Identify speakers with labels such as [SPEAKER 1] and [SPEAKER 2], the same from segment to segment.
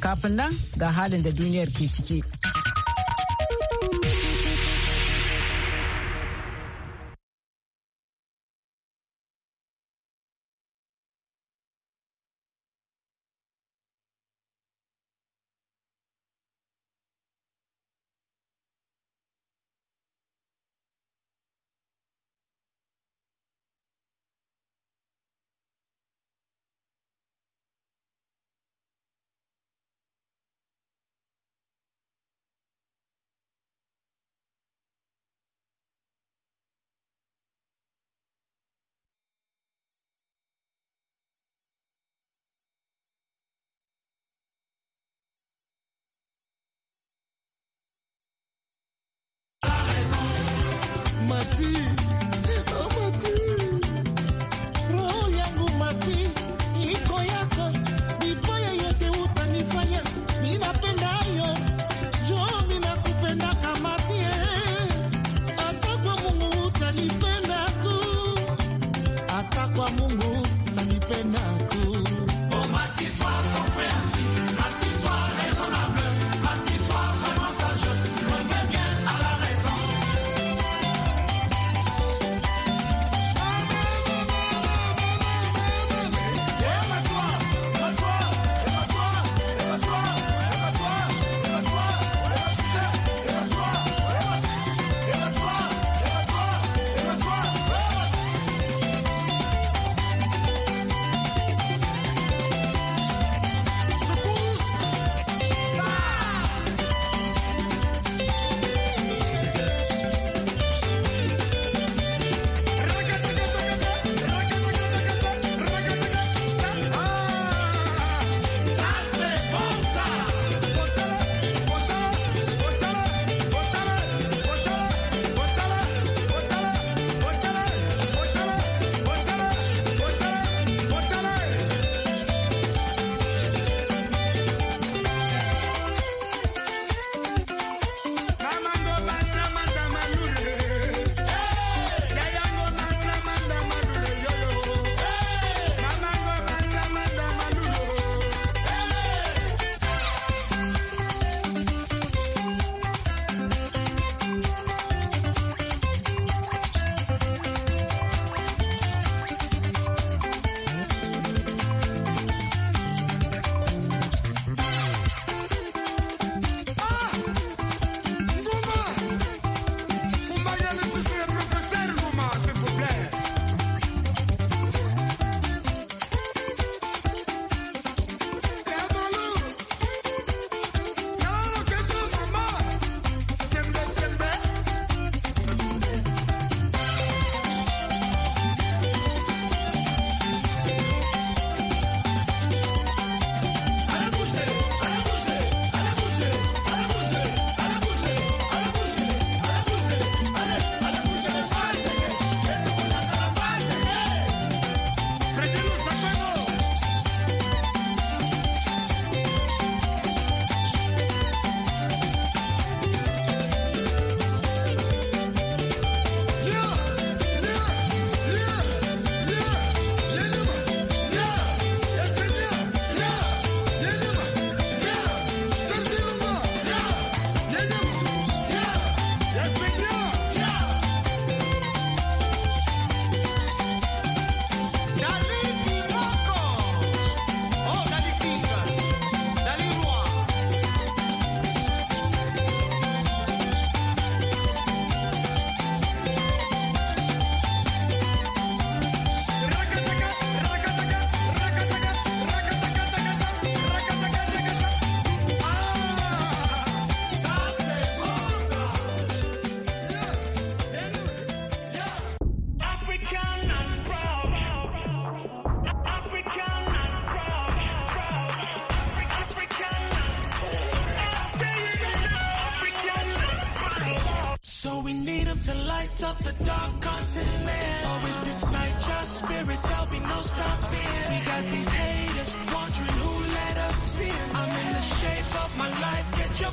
[SPEAKER 1] Kafin nan ga halin da duniyar ke ciki.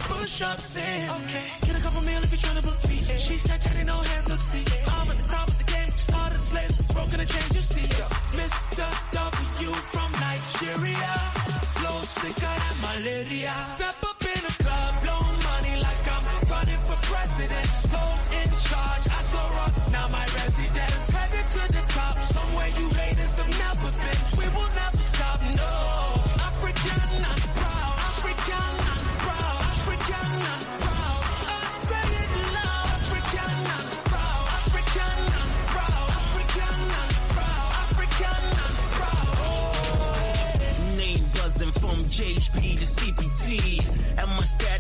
[SPEAKER 2] push-ups in. Okay. Get a couple meal if you're trying to book me. Yeah. She said that ain't no hands, look, see. Yeah. I'm at the top of the game. Started the slaves, broken the chains, you see. Yo. Mr. W from Nigeria. Flow sicker than malaria. Step up in a club, blow money like I'm running for president. So in charge, I so rock, now my residence. Headed to the top, somewhere you haters have never been.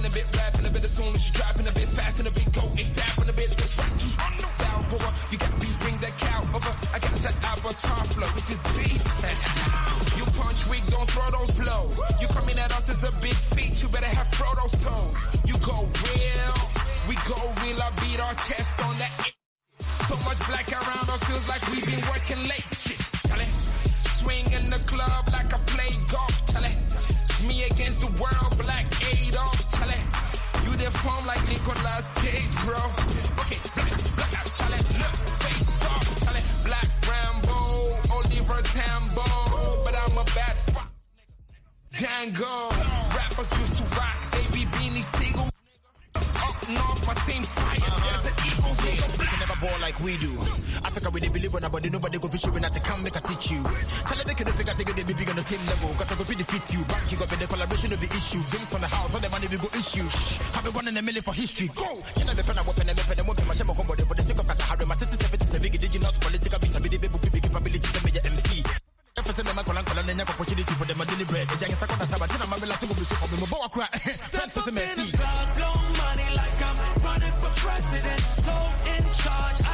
[SPEAKER 3] rapping a bit, rapping a bit as soon as you driving, a bit fast and a bit go ASAP and a bit just rocky. I'm no boy, you got beef, bring that cow over. I got that avatar flow with this beat. you punch weak, don't throw those blows. You coming at us as a big feat, you better have Frodo's toes. You go real, we go real. I beat our chests on that. So much black around us feels like we've been working late. Shit, Charlie. Swing in the club like I play golf, Charlie me against the world, black Adolf, challenge. You deform like Nicolas Cage, bro. Okay, black, black out, challenge, Look, face off, challenge. Black Rambo, Oliver Tambo, but I'm a bad fox. Django, rappers used to rock, Baby beanie single.
[SPEAKER 1] Up north, my team fire like we do. Africa, we they believe on nobody, nobody go fish you when I come make a teach you. Tell them they can figure say they be big on the same level. Cause I go feed defeat you. Back you got the collaboration of the issue. Drinks on the house, all the money we go issue. Shh, have a one in a million for history. Go! You know the pen I weapon and weapon and weapon my shame combo for the sake of us. Harry, my sister's 77 big indigenous political beats. I be the baby with big capability to be MC. Jefferson and Michael and Colin and opportunity for them a deliberate. The young second as but I'm a last single for me. Bow cry. Stand for the money
[SPEAKER 2] like I'm running for president. So in charge.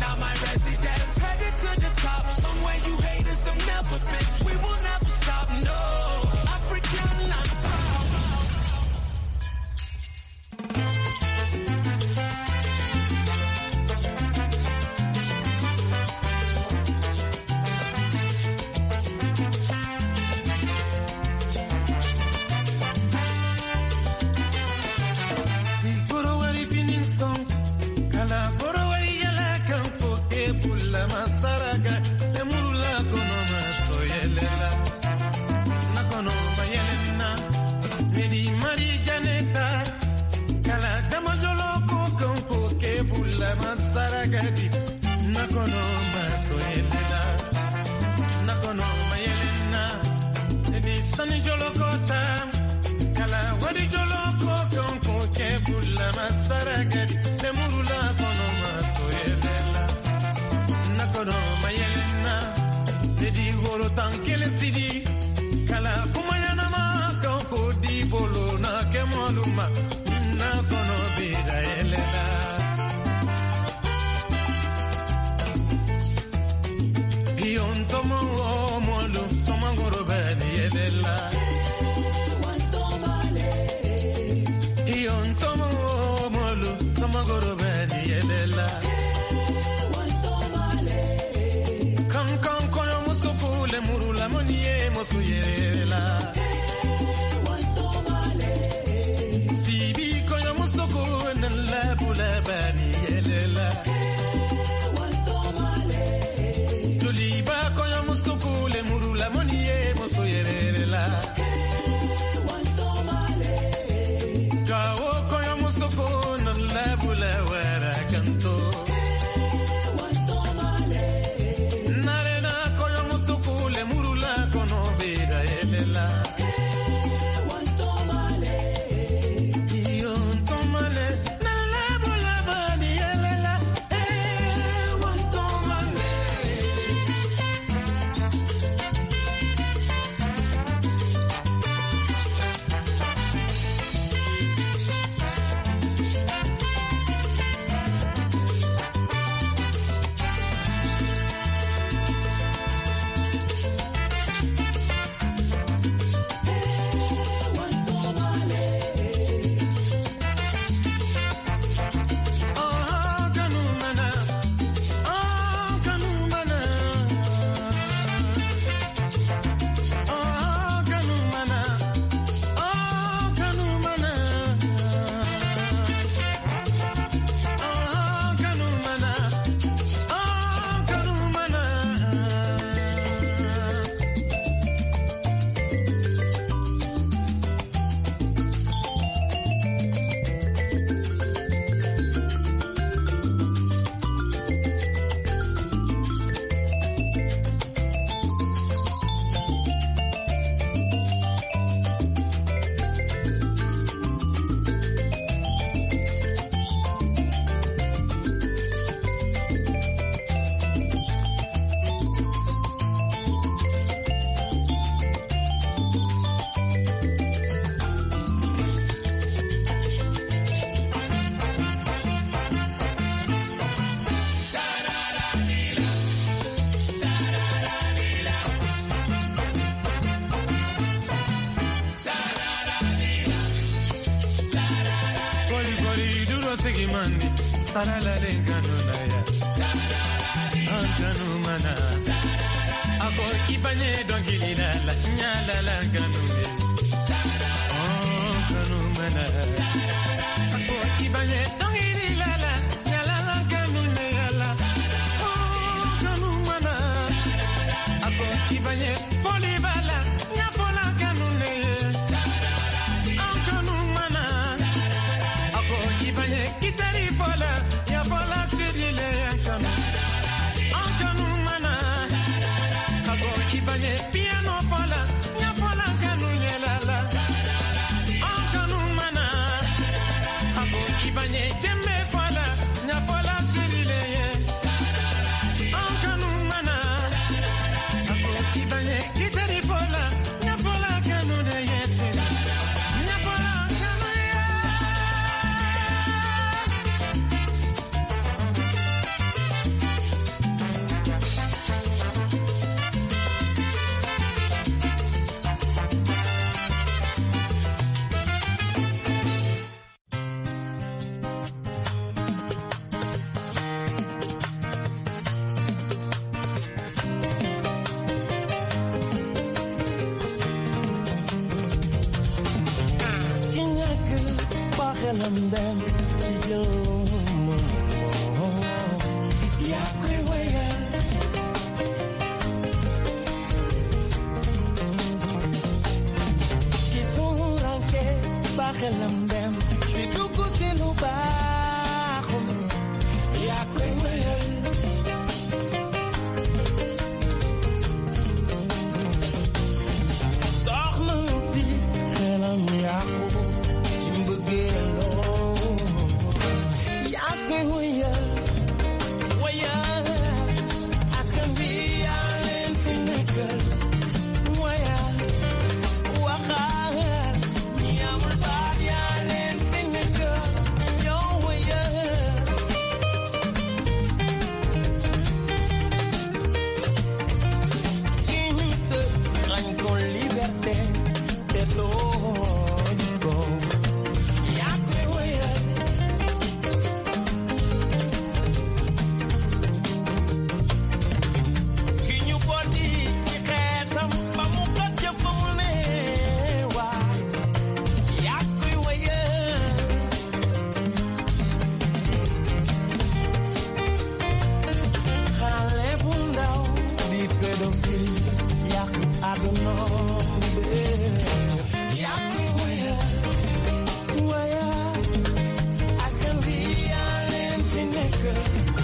[SPEAKER 2] Now my residence headed to the top. Somewhere you haters have never been.
[SPEAKER 4] saralale ngano na ya ngano mana ako ipanye dongili la la ya mana
[SPEAKER 5] that you gidiyor. maker.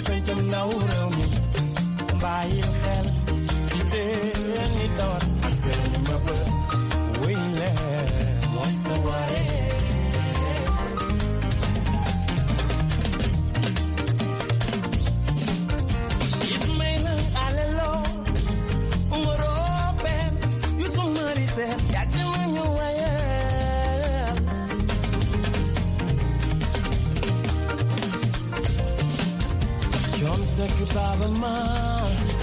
[SPEAKER 5] Way left, Sakıp mind.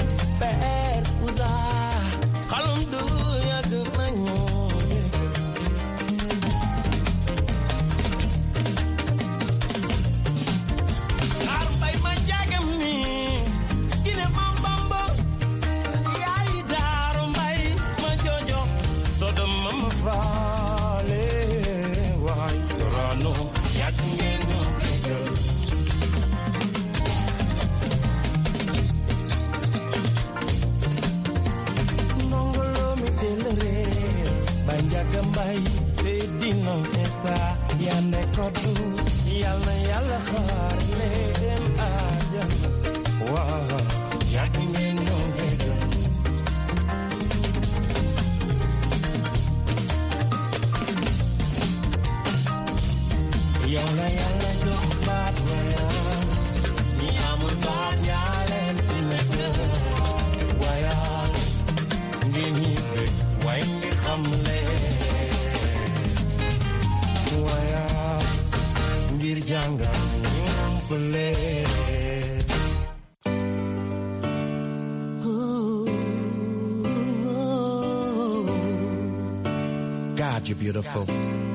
[SPEAKER 5] sa ya ne ko du yal na yàlla xaar le dem àjjana waaw yàgg ngeen ñoo ngeen yow la yàlla jox baat ma yaa ñi amul baat yaa leen fi nekk ngir oh,
[SPEAKER 6] oh, oh.
[SPEAKER 1] God, you're beautiful. God.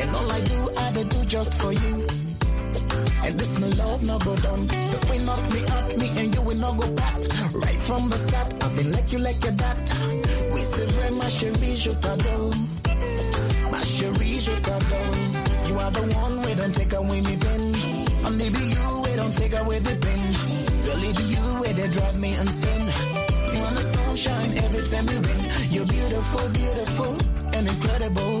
[SPEAKER 1] And all I do, I be do just for you. And this my love no go done. The queen of me at me and you will not go back. Right from the start, I've been like you like your dad. We say very my chérie, je t'adore. My chérie, je t'adore. You are the one we don't take away me pen. and be you we don't take away the pen. Girl, it be you where they drive me insane. You want the sunshine every time you rain. You're beautiful, beautiful, and incredible.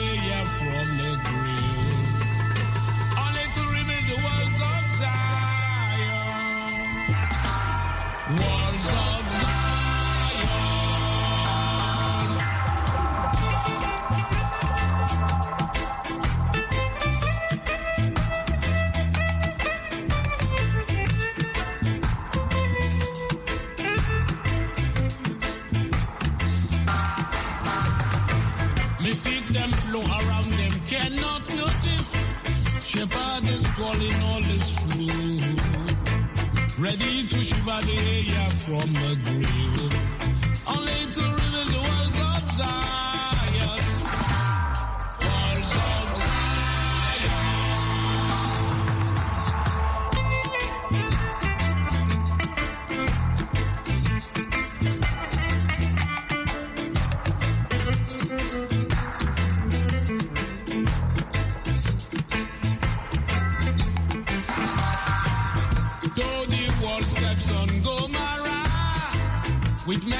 [SPEAKER 3] hallelujah from the grave. Only to remain the words of Zion. Whoa. Calling all is through. Ready to shiver the air from the grave. Only to reveal the world's upside.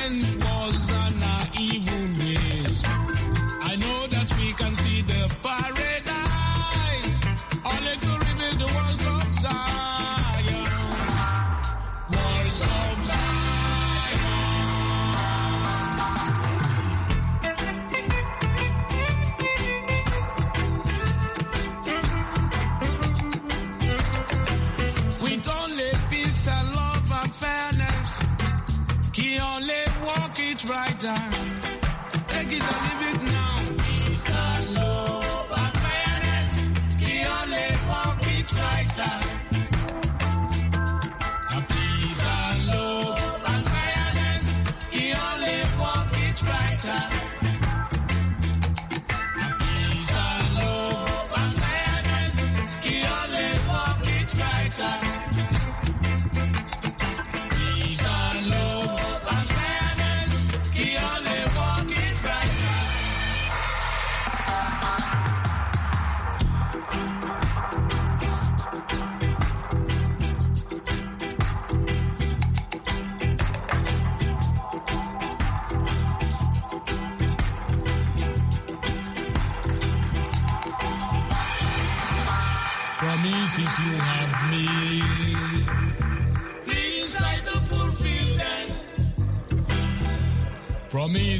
[SPEAKER 3] friends.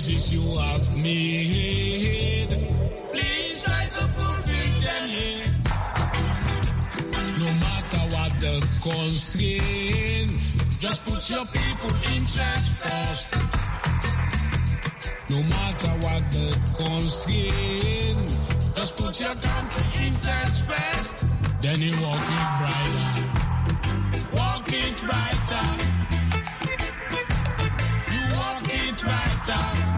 [SPEAKER 3] promises you have made. Please try to fulfill them. No matter what the constraint, just put your people interest first. No matter what the constraint, just put your country interest first. Then you walk it brighter, walk it brighter. brighter.